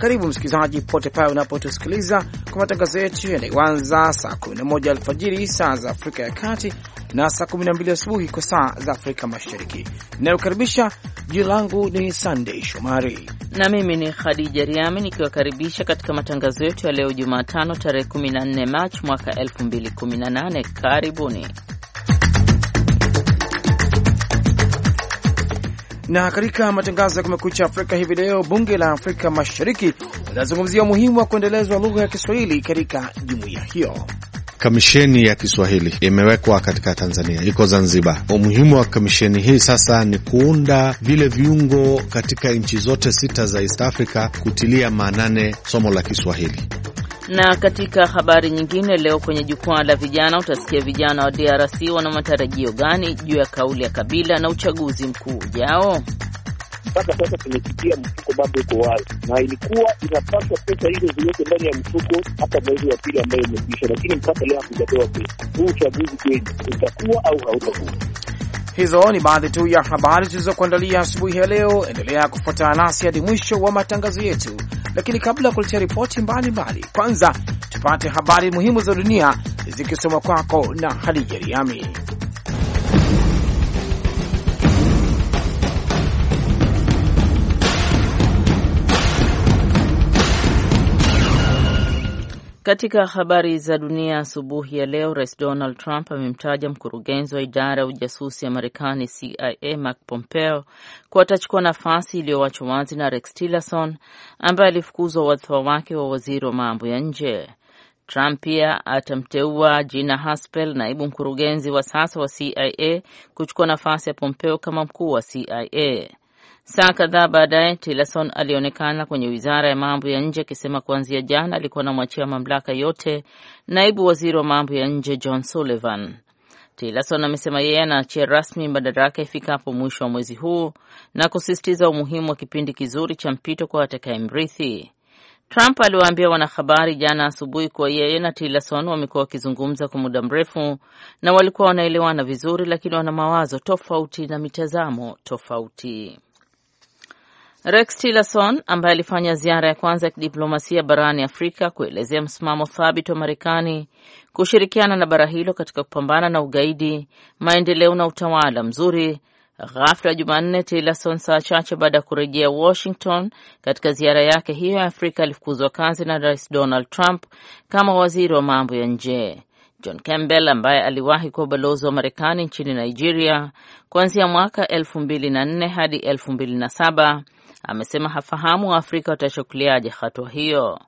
Karibu msikilizaji, pote pale unapotusikiliza kwa matangazo yetu yanayoanza saa 11 alfajiri saa za Afrika ya Kati na saa 12 asubuhi kwa saa za Afrika Mashariki. Inayokaribisha, jina langu ni sandei Shomari na mimi ni Khadija Riami nikiwakaribisha katika matangazo yetu ya leo Jumatano tarehe 14 Machi mwaka 2018. Karibuni. Na katika matangazo ya Kumekucha Afrika hivi leo, bunge la Afrika Mashariki linazungumzia umuhimu wa kuendelezwa lugha ya Kiswahili katika jumuiya hiyo. Kamisheni ya Kiswahili imewekwa katika Tanzania, iko Zanzibar. Umuhimu wa kamisheni hii sasa ni kuunda vile viungo katika nchi zote sita za East Africa kutilia maanane somo la Kiswahili. Na katika habari nyingine, leo kwenye jukwaa la vijana utasikia vijana wa DRC wana matarajio gani juu ya kauli ya Kabila na uchaguzi mkuu ujao. Mpaka sasa tumefikia mfuko bado uko wazi, na ilikuwa inapaswa pesa hizo ziweke ndani ya mfuko hata mwezi wa pili ambayo imekwisha, lakini mpaka leo hakujapewa pesa. Huu uchaguzi kweli utakuwa au hautakuwa? Hizo ni baadhi tu ya habari zilizokuandalia asubuhi ya leo. Endelea kufuatana nasi hadi mwisho wa matangazo yetu lakini kabla ya kuletea ripoti mbalimbali, kwanza tupate habari muhimu za dunia zikisoma kwako na Hadija Riami. Katika habari za dunia asubuhi ya leo, Rais Donald Trump amemtaja mkurugenzi wa idara ya ujasusi ya Marekani CIA Mark Pompeo kuwa atachukua nafasi iliyowachwa wazi na Rex Tillerson ambaye alifukuzwa wadhifa wake wa waziri wa mambo ya nje. Trump pia atamteua Gina Haspel, naibu mkurugenzi wa sasa wa CIA, kuchukua nafasi ya Pompeo kama mkuu wa CIA. Saa kadhaa baadaye, Tillerson alionekana kwenye wizara ya mambo ya nje akisema kuanzia jana alikuwa anamwachia mamlaka yote naibu waziri wa mambo ya nje John Sullivan. Tillerson amesema yeye anaachia rasmi madaraka ifikapo mwisho wa mwezi huu na kusisitiza umuhimu wa kipindi kizuri cha mpito kwa atakayemrithi. Trump aliwaambia wanahabari jana asubuhi kuwa yeye na Tillerson wamekuwa wakizungumza kwa muda mrefu na walikuwa wanaelewana vizuri, lakini wana mawazo tofauti na mitazamo tofauti. Rex Tillerson ambaye alifanya ziara ya kwanza ya kidiplomasia barani Afrika kuelezea msimamo thabiti wa Marekani kushirikiana na bara hilo katika kupambana na ugaidi, maendeleo na utawala mzuri. Ghafla Jumanne, Tillerson saa chache baada ya kurejea Washington katika ziara yake hiyo ya Afrika alifukuzwa kazi na Rais Donald Trump kama waziri wa mambo ya nje. John Campbell ambaye aliwahi kuwa balozi wa Marekani nchini Nigeria kuanzia mwaka 2004 hadi 2007 amesema hafahamu Waafrika watashukuliaje hatua hiyo.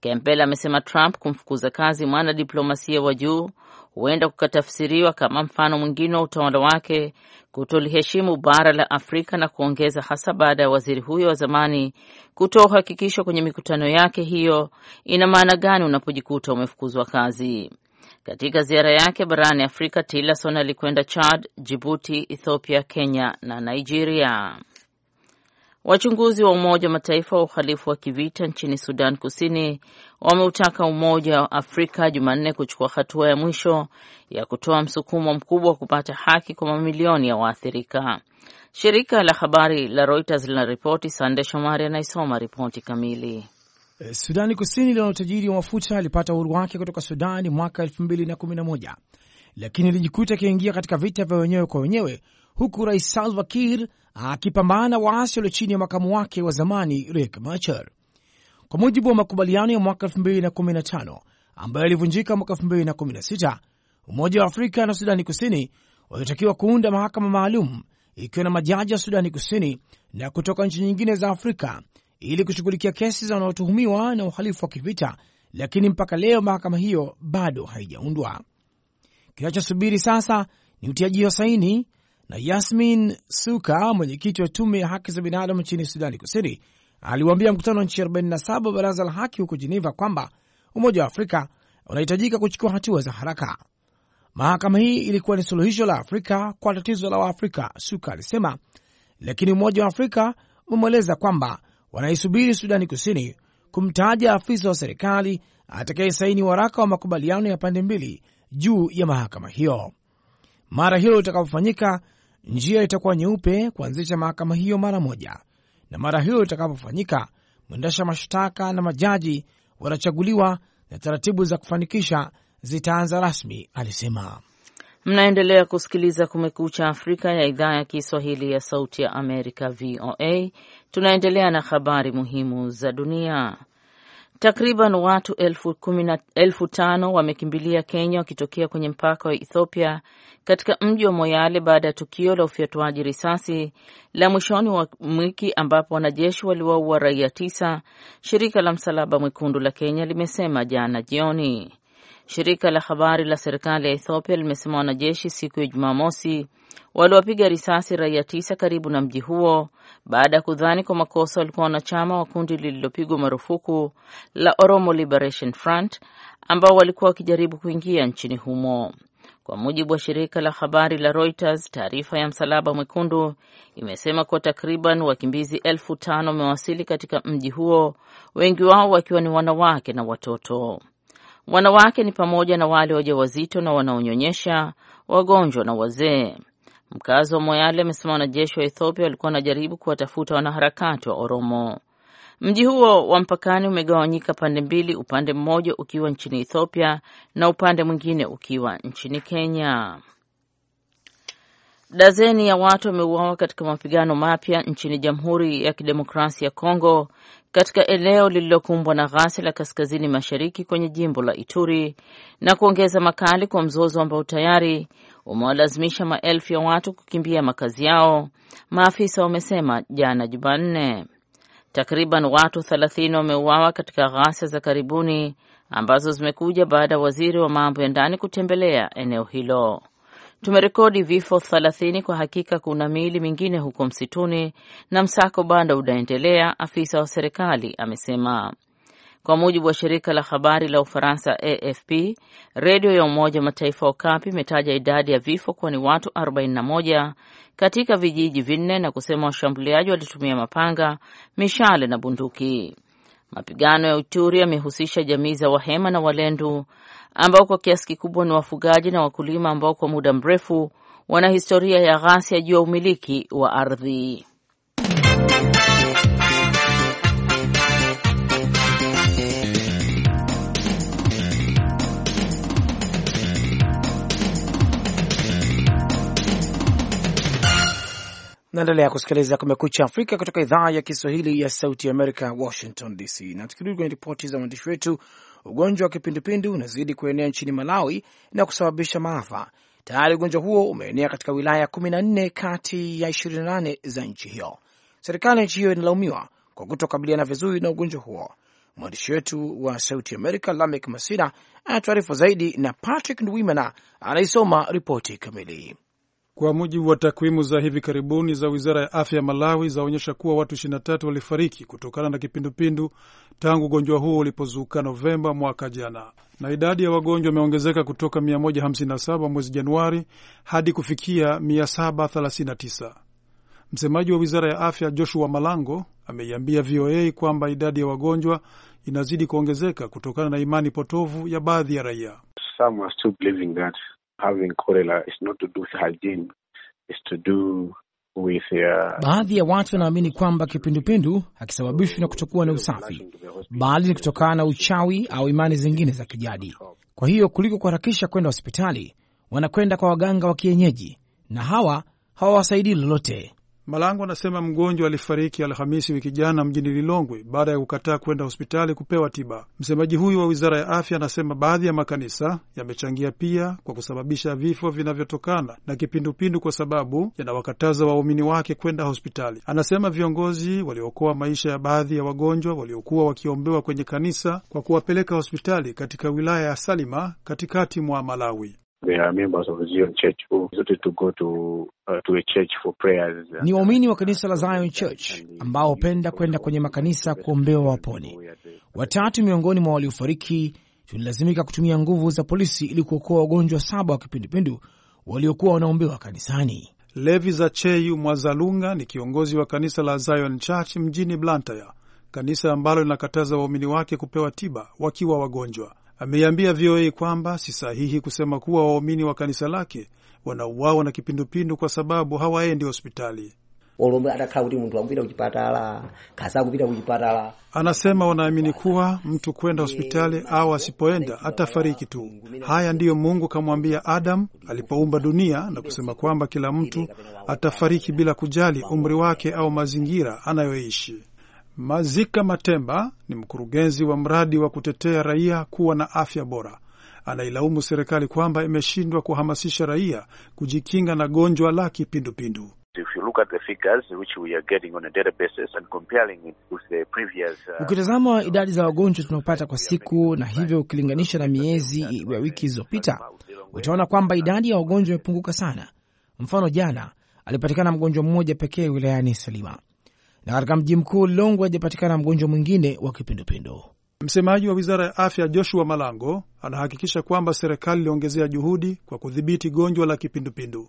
Campbell amesema Trump kumfukuza kazi mwanadiplomasia wa juu huenda kukatafsiriwa kama mfano mwingine wa utawala wake kutoliheshimu bara la Afrika na kuongeza, hasa baada ya waziri huyo wa zamani kutoa uhakikisho kwenye mikutano yake, hiyo ina maana gani unapojikuta umefukuzwa kazi? Katika ziara yake barani Afrika, Tillerson alikwenda Chad, Jibuti, Ethiopia, Kenya na Nigeria. Wachunguzi wa Umoja wa Mataifa wa uhalifu wa kivita nchini Sudan Kusini wameutaka Umoja wa Afrika Jumanne kuchukua hatua ya mwisho ya kutoa msukumo mkubwa wa kupata haki kwa mamilioni ya waathirika. Shirika la habari la Reuters linaripoti. Sande Shomari anaisoma ripoti kamili. Eh, Sudani Kusini lina utajiri wa mafuta, alipata uhuru wake kutoka Sudani mwaka 211 lakini ilijikuta akiingia katika vita vya wenyewe kwa wenyewe, huku rais Salva Kiir akipambana waasi walio chini ya makamu wake wa zamani Riek Machar. Kwa mujibu wa makubaliano ya mwaka 2015 ambayo yalivunjika mwaka 2016, Umoja wa Afrika na Sudani Kusini walitakiwa kuunda mahakama maalum ikiwa na majaji wa Sudani Kusini na kutoka nchi nyingine za Afrika ili kushughulikia kesi za wanaotuhumiwa na uhalifu wa kivita, lakini mpaka leo mahakama hiyo bado haijaundwa. Kinachosubiri sasa ni utiaji wa saini, na Yasmin Suka, mwenyekiti wa tume ya haki za binadamu nchini Sudani Kusini, aliwaambia mkutano wa nchi 47 baraza la haki huko Jeneva kwamba Umoja wa Afrika unahitajika kuchukua hatua za haraka. Mahakama hii ilikuwa ni suluhisho la Afrika kwa tatizo la Waafrika, Suka alisema, lakini Umoja wa Afrika umemweleza kwamba wanaisubiri Sudani Kusini kumtaja afisa wa serikali atakayesaini waraka wa makubaliano ya pande mbili juu ya mahakama hiyo. Mara hilo litakapofanyika, njia itakuwa nyeupe kuanzisha mahakama hiyo mara moja, na mara hilo litakapofanyika, mwendesha mashtaka na majaji watachaguliwa na taratibu za kufanikisha zitaanza rasmi, alisema. Mnaendelea kusikiliza Kumekucha Afrika ya idhaa ya Kiswahili ya Sauti ya Amerika, VOA. Tunaendelea na habari muhimu za dunia. Takriban watu elfu elfu tano wamekimbilia Kenya wakitokea kwenye mpaka wa Ethiopia katika mji wa Moyale baada ya tukio la ufyatuaji risasi la mwishoni wa wiki ambapo wanajeshi waliwaua raia tisa, shirika la Msalaba Mwekundu la Kenya limesema jana jioni. Shirika la habari la serikali ya Ethiopia limesema wanajeshi siku ya Jumamosi waliwapiga risasi raia tisa karibu na mji huo baada ya kudhani kwa makosa walikuwa wanachama wa kundi lililopigwa marufuku la Oromo Liberation Front ambao walikuwa wakijaribu kuingia nchini humo. Kwa mujibu wa shirika la habari la Reuters, taarifa ya Msalaba Mwekundu imesema kuwa takriban wakimbizi elfu tano wamewasili katika mji huo, wengi wao wakiwa ni wanawake na watoto. Wanawake ni pamoja na wale wajawazito na wanaonyonyesha, wagonjwa na wazee. Mkazi wa Moyale amesema wanajeshi wa Ethiopia walikuwa wanajaribu kuwatafuta wanaharakati wa Oromo. Mji huo wa mpakani umegawanyika pande mbili, upande mmoja ukiwa nchini Ethiopia na upande mwingine ukiwa nchini Kenya. Dazeni ya watu wameuawa katika mapigano mapya nchini Jamhuri ya Kidemokrasia ya Kongo katika eneo lililokumbwa na ghasia la kaskazini mashariki kwenye jimbo la Ituri na kuongeza makali kwa mzozo ambao tayari umewalazimisha maelfu ya watu kukimbia makazi yao, maafisa wamesema jana Jumanne. Takriban watu 30 wameuawa katika ghasia za karibuni ambazo zimekuja baada ya waziri wa mambo ya ndani kutembelea eneo hilo. Tumerekodi vifo 30. Kwa hakika kuna miili mingine huko msituni na msako bado unaendelea, afisa wa serikali amesema. Kwa mujibu wa shirika la habari la Ufaransa AFP, redio ya Umoja wa Mataifa Okapi imetaja idadi ya vifo kuwa ni watu 41 katika vijiji vinne na kusema washambuliaji walitumia mapanga, mishale na bunduki. Mapigano ya uturi yamehusisha jamii za Wahema na Walendu ambao kwa kiasi kikubwa ni wafugaji na wakulima ambao kwa muda mrefu wana historia ya ghasia juu ya umiliki wa ardhi. Naendelea kusikiliza Kumekucha Afrika kutoka idhaa ya Kiswahili ya Sauti Amerika, Washington DC. Na tukirudi kwenye ripoti za waandishi wetu, ugonjwa wa kipindupindu unazidi kuenea nchini Malawi na kusababisha maafa. Tayari ugonjwa huo umeenea katika wilaya 14 kati ya 28 za nchi hiyo. Serikali ya nchi hiyo inalaumiwa kwa kutokabiliana vizuri na ugonjwa huo. Mwandishi wetu wa Sauti Amerika, Lamek masina anatuarifu zaidi, na Patrick Ndwimana anaisoma ripoti kamili. Kwa mujibu wa takwimu za hivi karibuni za wizara ya afya ya Malawi zaonyesha kuwa watu 23 walifariki kutokana na kipindupindu tangu ugonjwa huo ulipozuka Novemba mwaka jana, na idadi ya wagonjwa imeongezeka kutoka 157 mwezi Januari hadi kufikia 739. Msemaji wa wizara ya afya Joshua Malango ameiambia VOA kwamba idadi ya wagonjwa inazidi kuongezeka kutokana na imani potovu ya baadhi ya raia. Some are still believing that having cholera is not to do hygiene, is to do with uh... Baadhi ya watu wanaamini kwamba kipindupindu hakisababishwi na kutokuwa na usafi, bali ni kutokana na uchawi au imani zingine za kijadi. Kwa hiyo kuliko kuharakisha kwenda hospitali, wanakwenda kwa waganga wa kienyeji, na hawa hawawasaidii lolote. Malango anasema mgonjwa alifariki Alhamisi wiki jana mjini Lilongwe baada ya kukataa kwenda hospitali kupewa tiba. Msemaji huyu wa wizara ya afya anasema baadhi ya makanisa yamechangia pia kwa kusababisha vifo vinavyotokana na kipindupindu kwa sababu yanawakataza waumini wake kwenda hospitali. Anasema viongozi waliokoa maisha ya baadhi ya wagonjwa waliokuwa wakiombewa kwenye kanisa kwa kuwapeleka hospitali katika wilaya ya Salima katikati mwa Malawi. They are members of Zion Church who decided to go to, uh, to a church for prayers. Ni waumini wa kanisa la Zion Church ambao hupenda kwenda kwenye makanisa kuombewa wapone. Watatu miongoni mwa waliofariki tulilazimika kutumia nguvu za polisi ili kuokoa wagonjwa saba wa kipindupindu waliokuwa wanaombewa kanisani. Levi Zacheyu Mwazalunga ni kiongozi wa kanisa la Zion Church mjini Blantyre, kanisa ambalo linakataza waumini wake kupewa tiba wakiwa wagonjwa ameiambia VOA kwamba si sahihi kusema kuwa waumini wa kanisa lake wanauawa na kipindupindu kwa sababu hawaendi hospitali. Anasema wanaamini kuwa mtu kwenda hospitali au asipoenda atafariki tu. Haya ndiyo Mungu kamwambia Adamu alipoumba dunia na kusema kwamba kila mtu atafariki bila kujali umri wake au mazingira anayoishi. Mazika Matemba ni mkurugenzi wa mradi wa kutetea raia kuwa na afya bora. Anailaumu serikali kwamba imeshindwa kuhamasisha raia kujikinga na gonjwa la kipindupindu. Uh, Ukitazama uh, idadi za wagonjwa tunaopata kwa siku na hivyo ukilinganisha na miezi ya wiki ilizopita, utaona kwamba idadi ya wagonjwa imepunguka sana. Mfano, jana alipatikana mgonjwa mmoja pekee wilayani Salima na katika mji mkuu Lilongwe hajapatikana mgonjwa mwingine wa kipindupindu. Msemaji wa wizara ya afya Joshua Malango anahakikisha kwamba serikali iliongezea juhudi kwa kudhibiti gonjwa la kipindupindu.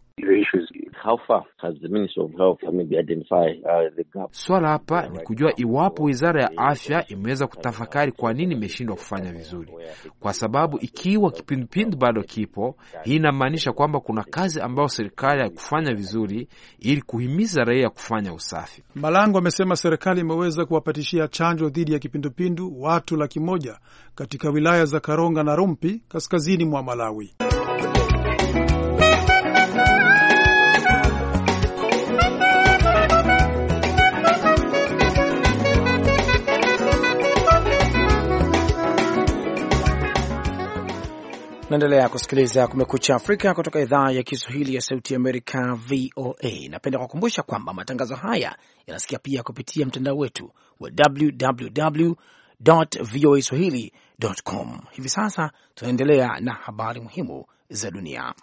How far has the Ministry of Health maybe uh, the gap? Swala hapa ni kujua iwapo Wizara ya Afya imeweza kutafakari kwa nini imeshindwa kufanya vizuri, kwa sababu ikiwa kipindupindu bado kipo, hii inamaanisha kwamba kuna kazi ambayo serikali haikufanya vizuri ili kuhimiza raia kufanya usafi. Malango amesema serikali imeweza kuwapatishia chanjo dhidi ya kipindupindu watu laki moja katika wilaya za Karonga na Rumpi kaskazini mwa Malawi. Naendelea kusikiliza Kumekucha Afrika kutoka idhaa ya Kiswahili ya Sauti Amerika, VOA. Napenda kukumbusha kwamba matangazo haya yanasikia pia kupitia mtandao wetu wa www voa swahili com. Hivi sasa tunaendelea na habari muhimu za dunia.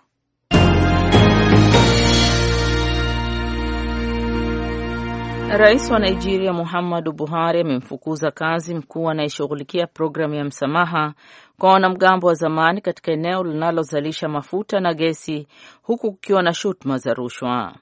Rais wa Nigeria Muhammadu Buhari amemfukuza kazi mkuu anayeshughulikia programu ya msamaha kwa wanamgambo wa zamani katika eneo linalozalisha mafuta na gesi huku kukiwa na shutuma za rushwa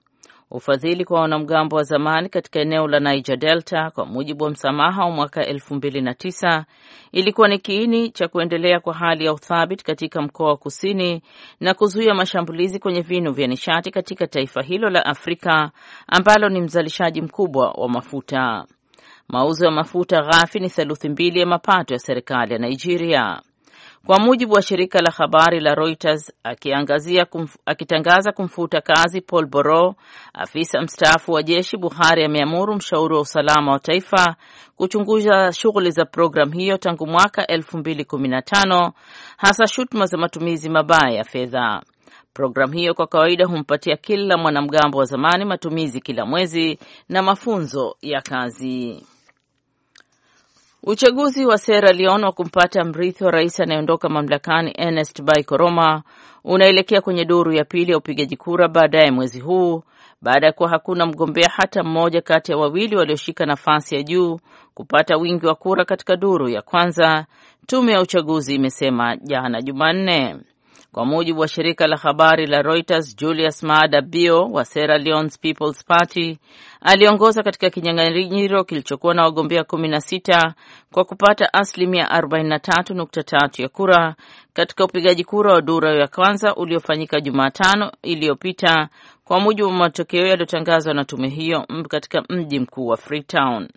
ufadhili kwa wanamgambo wa zamani katika eneo la Niger Delta. Kwa mujibu wa msamaha wa mwaka 2009 ilikuwa ni kiini cha kuendelea kwa hali ya uthabiti katika mkoa wa kusini na kuzuia mashambulizi kwenye vinu vya nishati katika taifa hilo la Afrika ambalo ni mzalishaji mkubwa wa mafuta. Mauzo ya mafuta ghafi ni theluthi mbili ya mapato ya serikali ya Nigeria kwa mujibu wa shirika la habari la Reuters. Akiangazia kumf, akitangaza kumfuta kazi Paul Boro, afisa mstaafu wa jeshi, Buhari ameamuru mshauri wa usalama wa taifa kuchunguza shughuli za programu hiyo tangu mwaka 2015 hasa shutuma za matumizi mabaya ya fedha. Programu hiyo kwa kawaida humpatia kila mwanamgambo wa zamani matumizi kila mwezi na mafunzo ya kazi. Uchaguzi wa Sierra Leone wa kumpata mrithi wa rais anayeondoka mamlakani Ernest Bai Koroma unaelekea kwenye duru ya pili ya upigaji kura baadaye mwezi huu baada ya kuwa hakuna mgombea hata mmoja kati ya wawili walioshika nafasi ya juu kupata wingi wa kura katika duru ya kwanza, tume ya uchaguzi imesema jana Jumanne. Kwa mujibu wa shirika la habari la Reuters, Julius Maada Bio wa Sierra Leone's People's Party aliongoza katika kinyang'anyiro kilichokuwa na wagombea 16 kwa kupata asilimia 43.3 ya kura katika upigaji kura wa dura ya kwanza uliofanyika Jumatano iliyopita, kwa mujibu wa matokeo yaliyotangazwa na tume hiyo katika mji mkuu wa Freetown.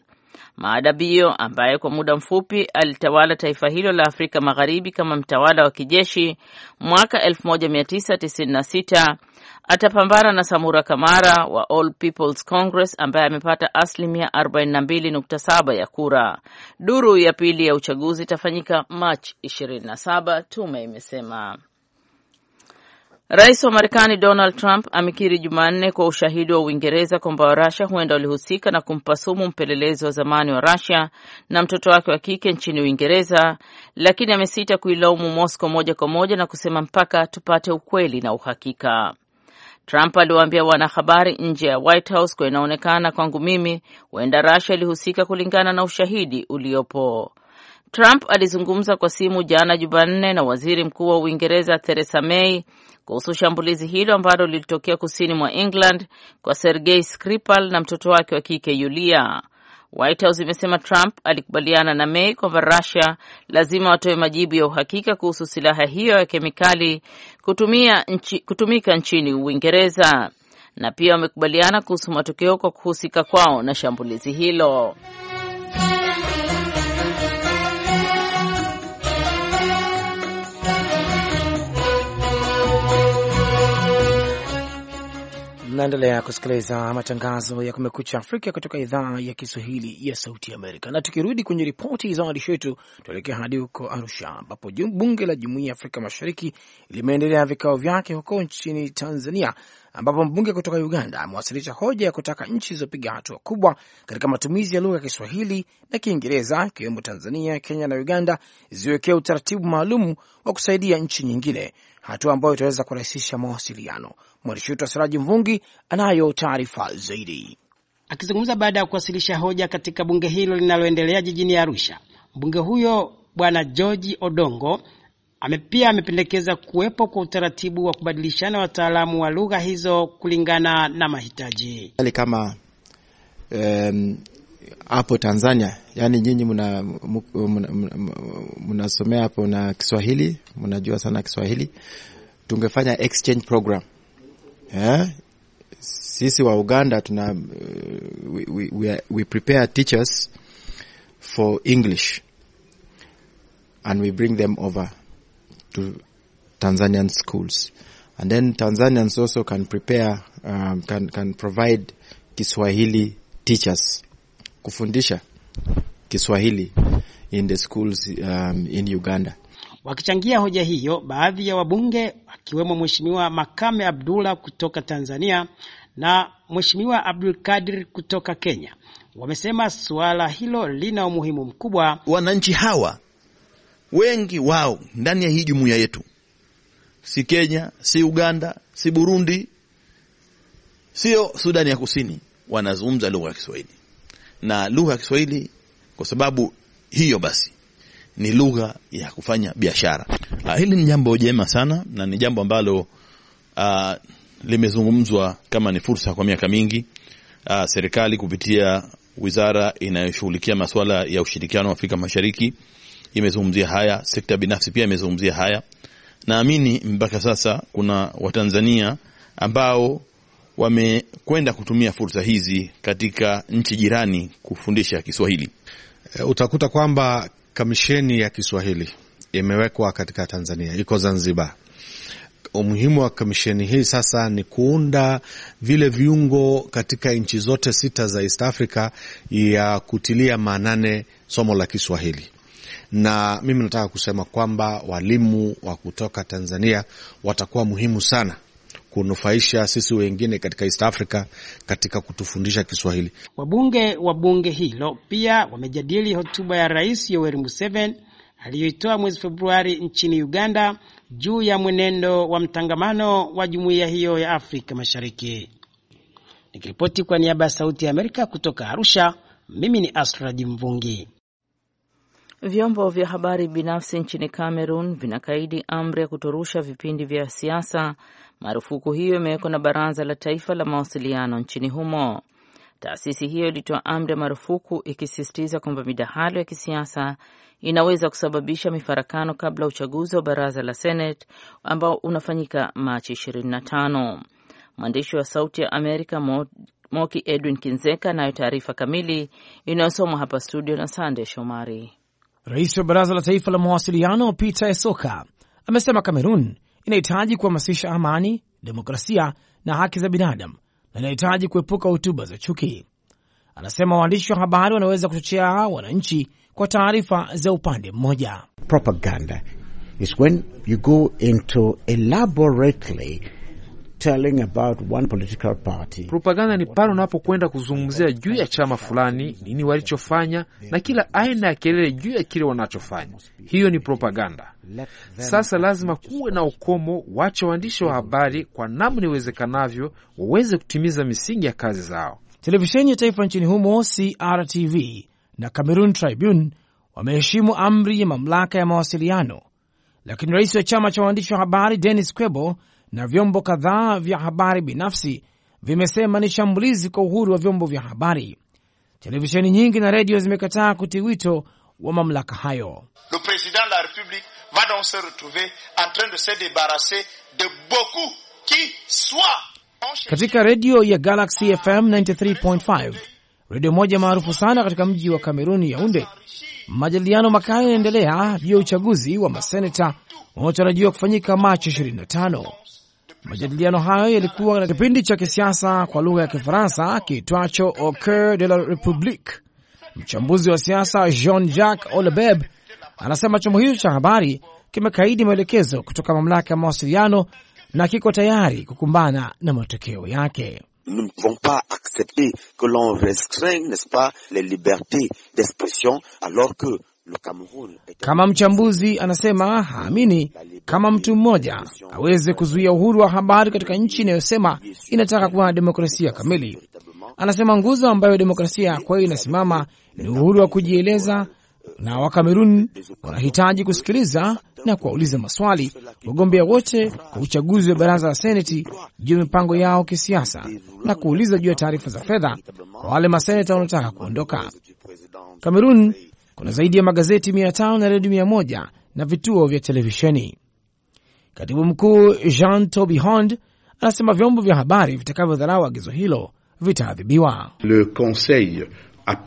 Maadabio ambaye kwa muda mfupi alitawala taifa hilo la Afrika Magharibi kama mtawala wa kijeshi mwaka 1996 atapambana na Samura Kamara wa All People's Congress ambaye amepata asilimia 42.7 ya kura. Duru ya pili ya uchaguzi itafanyika Machi 27, tume imesema. Rais wa Marekani Donald Trump amekiri Jumanne kwa ushahidi wa Uingereza kwamba Warusia huenda walihusika na kumpa sumu mpelelezi wa zamani wa Rusia na mtoto wake wa kike nchini Uingereza, lakini amesita kuilaumu Moscow moja kwa moja na kusema mpaka tupate ukweli na uhakika. Trump aliwaambia wanahabari nje ya White House kwa inaonekana kwangu mimi huenda Rusia ilihusika kulingana na ushahidi uliopo. Trump alizungumza kwa simu jana Jumanne na waziri mkuu wa Uingereza Theresa May kuhusu shambulizi hilo ambalo lilitokea kusini mwa England kwa Sergei Skripal na mtoto wake wa kike Yulia. White House imesema Trump alikubaliana na May kwamba Russia lazima watoe majibu ya uhakika kuhusu silaha hiyo ya kemikali kutumia nchi, kutumika nchini Uingereza na pia wamekubaliana kuhusu matokeo kwa kuhusika kwao na shambulizi hilo. Naendelea kusikiliza matangazo ya Kumekucha Afrika kutoka idhaa ya Kiswahili ya Sauti ya Amerika. Na tukirudi kwenye ripoti za waandishi wetu, tuelekea hadi huko Arusha ambapo bunge la Jumuiya ya Afrika Mashariki limeendelea vikao vyake huko nchini Tanzania, ambapo mbunge kutoka Uganda amewasilisha hoja ya kutaka nchi zilizopiga hatua kubwa katika matumizi ya lugha ya Kiswahili na Kiingereza, ikiwemo Tanzania, Kenya na Uganda, ziwekee utaratibu maalum wa kusaidia nchi nyingine hatua ambayo itaweza kurahisisha mawasiliano. Mwandishi wetu Siraji Mvungi anayo taarifa zaidi. Akizungumza baada ya kuwasilisha hoja katika bunge hilo linaloendelea jijini Arusha, mbunge huyo Bwana George Odongo ame pia amependekeza kuwepo kwa utaratibu wa kubadilishana wataalamu wa lugha hizo kulingana na mahitaji. kama um, hapo Tanzania, yaani nyinyi mnasomea hapo na Kiswahili, mnajua sana Kiswahili, tungefanya exchange program yeah. Sisi wa Uganda tuna we, we, we, we prepare teachers for English and we bring them over to Tanzanian schools and then Tanzanians also can prepare um, can, can provide Kiswahili teachers kufundisha Kiswahili in the schools um, in Uganda. Wakichangia hoja hiyo, baadhi ya wabunge akiwemo Mheshimiwa Makame Abdullah kutoka Tanzania na Mheshimiwa Abdul Kadir kutoka Kenya wamesema suala hilo lina umuhimu mkubwa. Wananchi hawa wengi wao ndani ya hii jumuiya yetu, si Kenya, si Uganda, si Burundi, sio Sudani ya Kusini, wanazungumza lugha ya Kiswahili na lugha ya Kiswahili kwa sababu hiyo basi ni lugha ya kufanya biashara. Ah, hili ni jambo jema sana na ni jambo ambalo ah, limezungumzwa kama ni fursa kwa miaka mingi. Ah, serikali kupitia wizara inayoshughulikia masuala ya ushirikiano wa Afrika Mashariki imezungumzia haya, sekta binafsi pia imezungumzia haya. Naamini mpaka sasa kuna Watanzania ambao wamekwenda kutumia fursa hizi katika nchi jirani kufundisha Kiswahili. E, utakuta kwamba kamisheni ya Kiswahili imewekwa katika Tanzania, iko Zanzibar. Umuhimu wa kamisheni hii sasa ni kuunda vile viungo katika nchi zote sita za East Africa ya kutilia maanane somo la Kiswahili na mimi nataka kusema kwamba walimu wa kutoka Tanzania watakuwa muhimu sana kunufaisha sisi wengine katika East Africa katika kutufundisha Kiswahili. Wabunge wa bunge hilo pia wamejadili hotuba ya Rais Yoweri Museveni aliyoitoa mwezi Februari nchini Uganda juu ya mwenendo wa mtangamano wa jumuiya hiyo ya Afrika Mashariki. Nikiripoti kwa niaba ya Sauti ya Amerika kutoka Arusha, mimi ni Astraji Mvungi. Vyombo vya habari binafsi nchini Cameroon vinakaidi amri ya kutorusha vipindi vya siasa Marufuku hiyo imewekwa na Baraza la Taifa la Mawasiliano nchini humo. Taasisi hiyo ilitoa amri ya marufuku ikisisitiza kwamba midahalo ya kisiasa inaweza kusababisha mifarakano kabla uchaguzi wa baraza la Senate ambao unafanyika Machi 25. Mwandishi wa Sauti ya Amerika Moki Edwin Kinzeka anayo taarifa kamili inayosomwa hapa studio na Sande Shomari. Rais wa Baraza la Taifa la Mawasiliano Peter Esoka amesema Kamerun inahitaji kuhamasisha amani, demokrasia na haki za binadamu na inahitaji kuepuka hotuba za chuki. Anasema waandishi wa habari wanaweza kuchochea wananchi kwa taarifa za upande mmoja. Propaganda is when you go into elaborately telling about one political party. Propaganda ni pale unapokwenda kuzungumzia juu ya chama fulani, nini walichofanya, na kila aina ya kelele juu ya kile wanachofanya. Hiyo ni propaganda. Sasa lazima kuwe na ukomo, wacha waandishi wa habari kwa namna iwezekanavyo waweze kutimiza misingi ya kazi zao. Televisheni ya taifa nchini humo CRTV na Cameroon Tribune wameheshimu amri ya mamlaka ya mawasiliano, lakini rais wa chama cha waandishi wa habari Denis Kwebo na vyombo kadhaa vya habari binafsi vimesema ni shambulizi kwa uhuru wa vyombo vya habari. Televisheni nyingi na redio zimekataa kutii wito wa mamlaka hayo. Le president de la republique va donc se retrouver en train de se de beaucoup qui soit katika redio ya Galaxy FM 93.5, redio moja maarufu sana katika mji wa Kameruni Yaunde, majadiliano makali yanaendelea juu ya uchaguzi wa maseneta unaotarajiwa kufanyika Machi 25. Majadiliano hayo yalikuwa na kipindi cha kisiasa kwa lugha ya Kifaransa kiitwacho Au Coeur de la Republique. Mchambuzi wa siasa Jean Jacques Olebeb anasema chombo hicho cha habari kimekaidi maelekezo kutoka mamlaka ya mawasiliano na kiko tayari kukumbana na matokeo yake. Nous ne pouvons pas accepter que l'on restreigne, n'est-ce pas, les libertés d'expression alors que kama mchambuzi anasema haamini kama mtu mmoja aweze kuzuia uhuru wa habari katika nchi inayosema inataka kuwa na demokrasia kamili. Anasema nguzo ambayo demokrasia ya kweli inasimama ni uhuru wa kujieleza, na Wakamerun wanahitaji kusikiliza na kuwauliza maswali wagombea wote kwa uchaguzi wa baraza la seneti juu ya mipango yao kisiasa na kuuliza juu ya taarifa za fedha kwa wale maseneta wanaotaka kuondoka Kamerun kuna zaidi ya magazeti 500 na redio 100 na vituo vya televisheni. Katibu mkuu Jean Toby Hond anasema vyombo vya habari vitakavyodharau agizo hilo vitaadhibiwa. Le conseil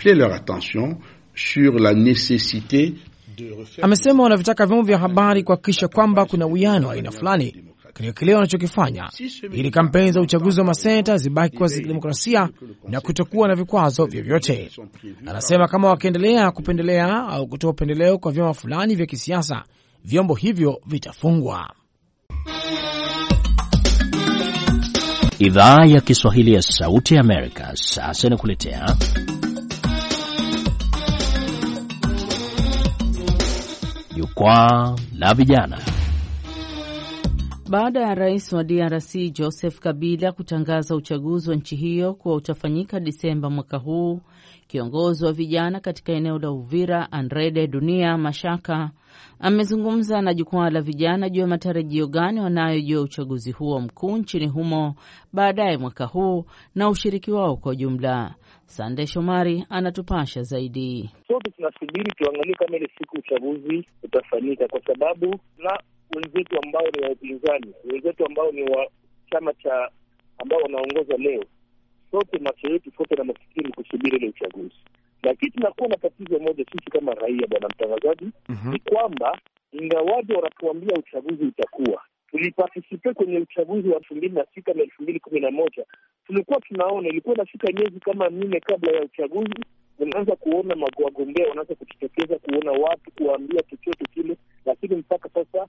leur attention sur la necessite de... Amesema wanavitaka vyombo vya habari kuhakikisha kwamba kuna uwiano aina fulani katika kile wanachokifanya ili kampeni za uchaguzi wa maseneta zibaki kuwa za na kutokuwa na vikwazo vyovyote. Anasema kama wakiendelea kupendelea au kutoa upendeleo kwa vyama fulani vya kisiasa, vyombo hivyo vitafungwa. Idhaa ya Kiswahili ya Sauti ya Amerika sasa inakuletea Jukwaa la Vijana. Baada ya rais wa DRC Joseph Kabila kutangaza uchaguzi wa nchi hiyo kuwa utafanyika Disemba mwaka huu, kiongozi wa vijana katika eneo la Uvira Andrede Dunia Mashaka amezungumza na jukwaa la vijana juu ya matarajio gani wanayo juu ya uchaguzi huo mkuu nchini humo baadaye mwaka huu na ushiriki wao kwa jumla Sande Shomari anatupasha zaidi. Sote tunasubiri tuangalie kama ile siku uchaguzi utafanyika, kwa sababu na wenzetu ambao ni wa upinzani, wenzetu ambao ni wa chama cha ambao wanaongoza leo, sote macho yetu sote na masikini kusubiri ile uchaguzi. Lakini tunakuwa na tatizo moja sisi kama raia, bwana mtangazaji, mhm. ni mm -hmm. kwamba ingawaje wanatuambia uchaguzi utakuwa tulipartisipe kwenye uchaguzi wa elfu mbili na sita na elfu mbili kumi na moja tulikuwa tunaona ilikuwa inafika miezi kama minne kabla ya uchaguzi, unaanza kuona wagombea wanaanza kujitokeza, kuona watu kuwaambia chochote kile, lakini mpaka sasa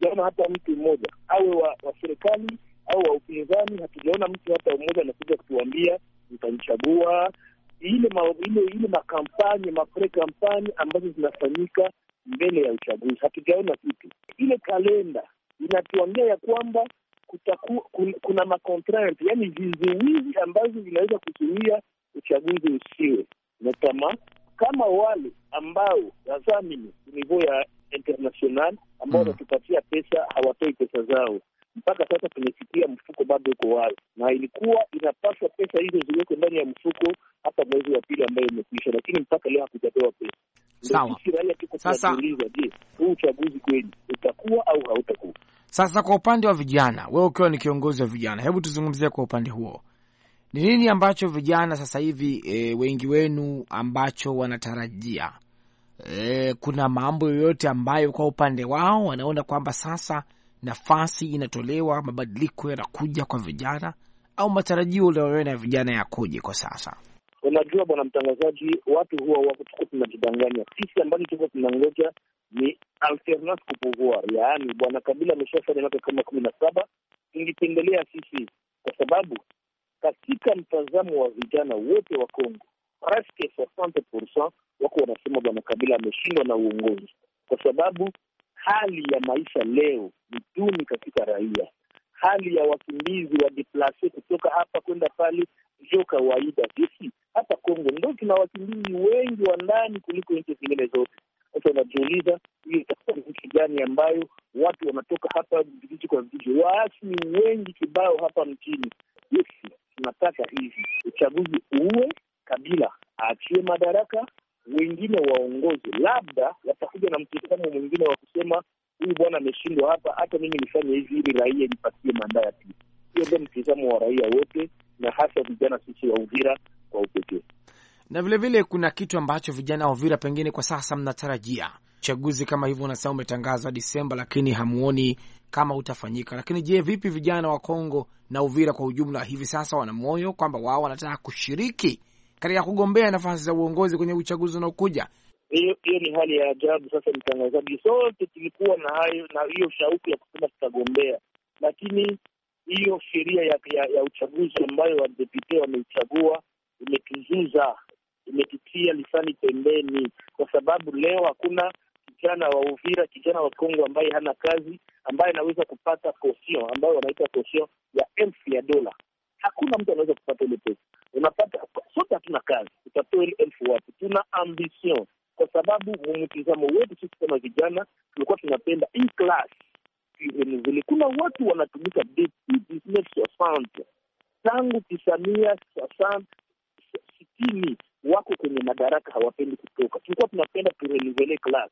hatujaona hata mtu mmoja awe wa, wa serikali au wa upinzani, hatujaona mtu hata mmoja anakuja kutuambia mtanichagua. Ile ma, ile ile makampanye mapre kampanye ambazo zinafanyika mbele ya uchaguzi hatujaona kitu. Ile kalenda inatuambia ya kwamba kutaku, kun, kuna macontrainte, yani vizuizi ambazo vinaweza kutumia uchaguzi usiwe natama kama wale ambao wadhamini nivo ya international ambao mhm. wanatupatia pesa hawatoi pesa zao mpaka sasa tumesikia mfuko bado uko wazi, na ilikuwa inapaswa pesa hizo ziwekwe ndani ya mfuko hata mwezi wa pili ambayo imekuisha lakini mpaka leo hakujapewa pesa. Sisi raia tuko tunauliza, je, huu uchaguzi kweli utakuwa au hautakuwa? Sasa kwa upande wa vijana, wewe ukiwa ni kiongozi wa vijana, hebu tuzungumzie kwa upande huo, ni nini ambacho vijana sasa hivi e, wengi wenu ambacho wanatarajia e, kuna mambo yoyote ambayo kwa upande wao wanaona kwamba sasa nafasi inatolewa, mabadiliko yanakuja kwa vijana, au matarajio unayoona ya vijana yakoje kwa sasa? Unajua bwana mtangazaji, watu huwa wako tuko tunajidanganya sisi, ambacho tuko tunangoja ni alternance kupuvua, yaani bwana Kabila ameshafanya miaka kama kumi na saba. Ingipendelea sisi kwa sababu katika mtazamo wa vijana wote wa Kongo, presque wako wanasema bwana Kabila ameshindwa na uongozi, kwa sababu hali ya maisha leo ni duni katika raia. Hali ya wakimbizi wa diplase kutoka hapa kwenda pale ndio kawaida. Sisi hapa Kongo ndo tuna wakimbizi wengi wa ndani kuliko nchi zingine zote. Sasa unajiuliza hiyo itakuwa ni nchi gani ambayo watu wanatoka hapa vijiji kwa vijiji, waasi ni wengi kibao hapa mchini. Sisi tunataka hivi uchaguzi uwe, Kabila aachie madaraka, wengine waongozi, labda watakuja na mtizamo mwingine wa kusema huyu bwana ameshindwa hapa, hata mimi nifanye hivi ili raia nipatie mandaa Hiyo ndio mtizamo wa raia wote, na hasa vijana sisi wa Uvira kwa upekee. Na vilevile vile kuna kitu ambacho vijana wa Uvira pengine kwa sasa mnatarajia uchaguzi kama hivyo, unasema umetangazwa Disemba, lakini hamuoni kama utafanyika. Lakini je, vipi vijana wa Kongo na Uvira kwa ujumla hivi sasa wana moyo kwamba wao wanataka kushiriki katika kugombea nafasi za uongozi kwenye uchaguzi unaokuja. Hiyo ni hali ya ajabu. Sasa mtangazaji, sote tulikuwa na hayo na hiyo shauku ya kusema tutagombea, lakini hiyo sheria ya, ya, ya uchaguzi ambayo wadepute wameichagua imetuzuza, imetutia lisani pembeni, kwa sababu leo hakuna kijana wa Uvira, kijana wa Kongo ambaye hana kazi, ambaye anaweza kupata kosio ambayo wanaita kosio ya elfu ya dola hakuna mtu anaweza kupata ile pesa. Unapata sote hatuna kazi, utatoa elfu watu Tuna ambition, kwa sababu mtizamo wetu sisi kama vijana tulikuwa tunapenda hii class vile. Kuna watu wanatumika tangu tisamia sasa sitini, wako kwenye madaraka hawapendi kutoka. Tulikuwa tunapenda turenivele class,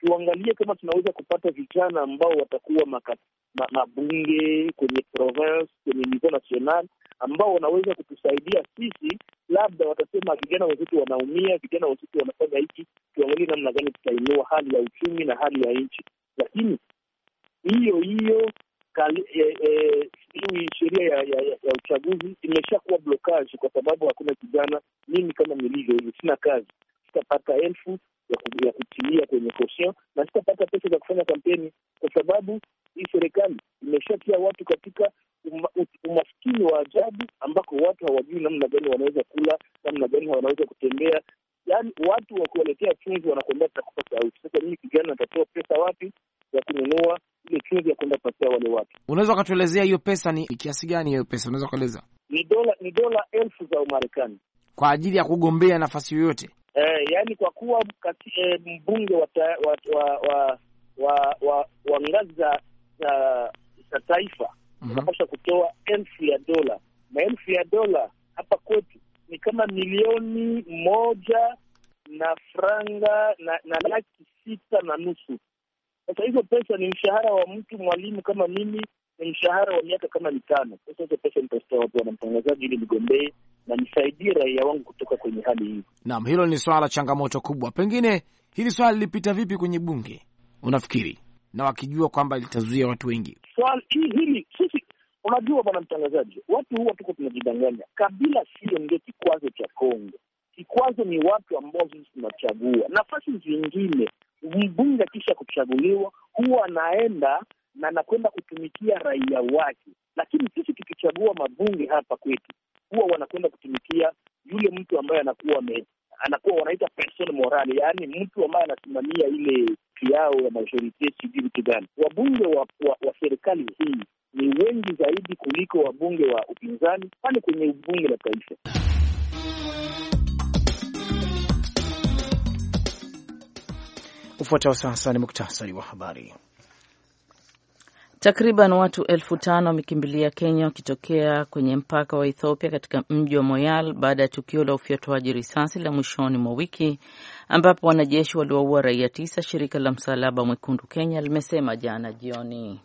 tuangalie kama tunaweza kupata vijana ambao watakuwa makati mabunge kwenye province, kwenye niveau national ambao wanaweza kutusaidia sisi. Labda watasema vijana wenzetu wanaumia, vijana wenzetu wanafanya hiki, tuangalie namna gani tutainua hali ya uchumi na hali ya nchi. Lakini hiyo hiyo eh, sheria ya, ya, ya, ya uchaguzi imeshakuwa blokaji, kwa sababu hakuna kijana. Mimi kama nilivyo hivi, sina kazi, sitapata elfu ya kutilia kwenye caution na sitapata pesa za kufanya kampeni, kwa sababu hii serikali imeshatia watu katika umaskini wa ajabu, ambako watu hawajui namna gani wanaweza kula, namna gani wanaweza kutembea. yani watu wakiwaletea chumvi wanakuambia tutakupa sauti. Sasa mimi kijana natatoa pesa wapi ya kununua ile chumvi ya kuenda patia wale watu? Unaweza ukatuelezea hiyo pesa ni kiasi gani? Hiyo pesa unaweza ukaeleza? Ni dola ni dola elfu za Umarekani kwa ajili ya kugombea nafasi yoyote eh, yaani kwa kuwa kati, eh, mbunge wa wa wa wa, wa, wa, wa ngazi za za taifa unapaswa mhm. mm -hmm. kutoa elfu ya dola, na elfu ya dola hapa kwetu ni kama milioni moja na franga na, na laki sita na nusu. Sasa hizo pesa ni mshahara wa mtu mwalimu kama mimi, ni mshahara wa miaka kama mitano. Sasa hizo pesa nitazitoa, bwana mtangazaji, ili nigombee na nisaidie raia wangu kutoka kwenye hali hii. Naam, hilo ni swala changamoto kubwa. Pengine hili swala lilipita vipi kwenye bunge unafikiri, na wakijua kwamba litazuia watu wengi hili? Sisi unajua, bwana mtangazaji, watu huwa tuko tunajidanganya. Kabila sio ndio kikwazo cha Kongo. Kikwazo ni watu ambao sisi tunachagua. Nafasi zingine mbunge akisha kuchaguliwa huwa anaenda na anakwenda kutumikia raia wake, lakini sisi tukichagua mabunge hapa kwetu huwa wanakwenda kutumikia yule mtu ambaye anakuwa me, anakuwa wanaita person morale, yaani mtu ambaye anasimamia ile kiao ya majorite, sijui vitu gani. Wabunge wa, wa, wa serikali hii ni wengi zaidi kuliko wabunge wa upinzani pale kwenye bunge la taifa. Ufuatao sasa ni muktasari wa habari. Takriban watu elfu tano wamekimbilia Kenya wakitokea kwenye mpaka wa Ethiopia katika mji wa Moyal baada ya tukio la ufyatuaji risasi la mwishoni mwa wiki ambapo wanajeshi waliwaua raia tisa, shirika la Msalaba Mwekundu Kenya limesema jana jioni.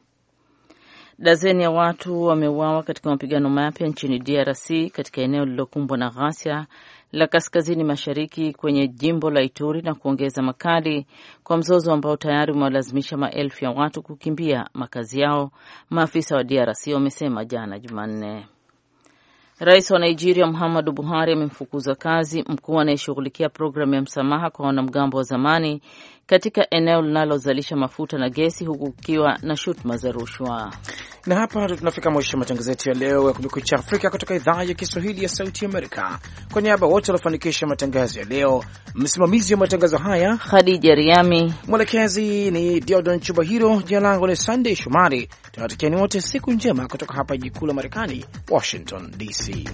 Dazeni ya watu wameuawa katika mapigano mapya nchini DRC katika eneo lililokumbwa na ghasia la kaskazini mashariki kwenye jimbo la Ituri na kuongeza makali kwa mzozo ambao tayari umewalazimisha maelfu ya watu kukimbia makazi yao, maafisa wa DRC wamesema jana Jumanne. Rais wa Nigeria Muhammadu Buhari amemfukuza kazi mkuu anayeshughulikia programu ya msamaha kwa wanamgambo wa zamani katika eneo linalozalisha mafuta na gesi huku kukiwa na shutuma za rushwa. Na hapa ndo tunafika mwisho matangazo yetu ya leo ya Kumekucha Afrika kutoka idhaa ya Kiswahili ya Sauti Amerika. Kwa niaba wote waliofanikisha matangazo ya leo, msimamizi wa matangazo haya Khadija Riami, mwelekezi ni Diodon Chubahiro, jina langu ni Sandey Shomari Tunawatakieni wote siku njema kutoka hapa jikuu la Marekani, Washington DC.